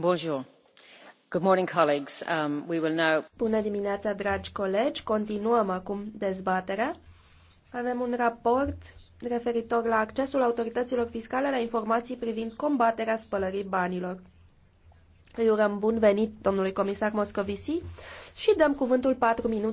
Um, Bună dimineața, dragi colegi! Continuăm acum dezbaterea. Avem un raport referitor la accesul autorităților fiscale la informații privind combaterea spălării banilor. Îi urăm bun venit domnului comisar Moscovici și dăm cuvântul patru minute.